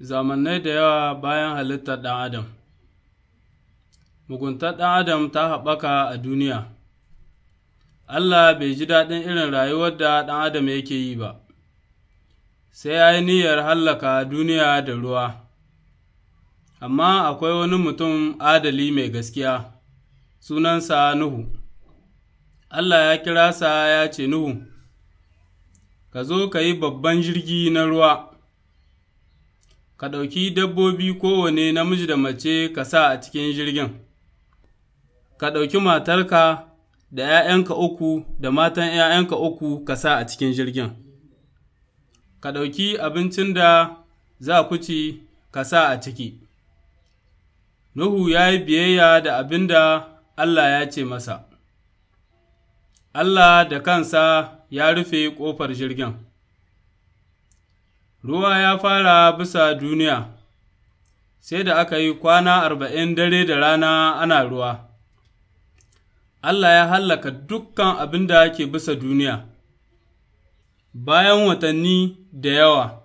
zamanai da yawa bayan halittar ɗan adam muguntar ɗan adam ta haɓaka a duniya allah bai ji daɗin irin rayuwar da ɗan adam yake yi ba sai ya yi niyyar hallaka duniya da ruwa amma akwai wani mutum adali mai gaskiya sunansa nuhu allah ya kira sa ya ce nuhu ka zo ka yi babban jirgi na ruwa ka ɗauki dabbobi kowane namiji da mace ka sa a cikin jirgin, ka ɗauki matarka da ’ya'yanka uku da matan ’ya'yanka uku ka sa a cikin jirgin, ka ɗauki abincin da za ku ci ka sa a ciki. Nuhu ya yi biyayya da abin da Allah ya ce masa, Allah da kansa ya rufe ƙofar jirgin. ruwa ya fara bisa duniya, sai da aka yi kwana arba'in dare da rana ana ruwa. Allah ya hallaka dukkan abin da ke bisa duniya. Bayan watanni da yawa,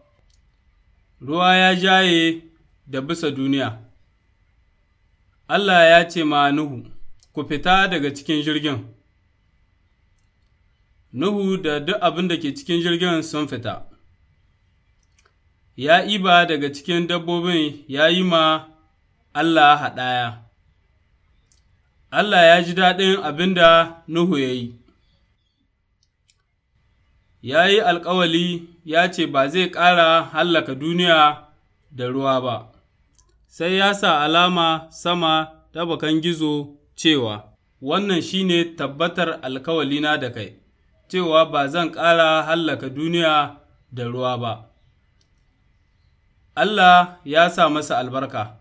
ruwa ya jaye da bisa duniya. Allah ya ce ma Nuhu, Ku fita daga cikin jirgin. Nuhu da duk abin da ke cikin jirgin sun fita. ya iba daga cikin dabbobin ya yi ma Allah haɗaya. Allah ya ji daɗin abin da Nuhu ya yi, ya yi alkawali ya ce ba zai ƙara hallaka duniya da ruwa ba, sai ya sa alama sama ta bakan gizo cewa, Wannan shi ne tabbatar alkawalina da kai, cewa ba zan ƙara hallaka duniya da ruwa ba. Allah ya sa masa albarka,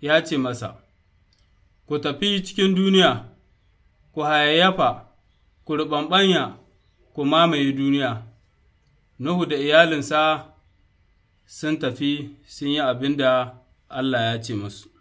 ya ce masa, Ku tafi cikin duniya, ku hayayyafa, ku ruɓanɓanya, ku mamaye duniya. Nuhu da iyalinsa sun tafi sun yi abin da Allah ya ce musu.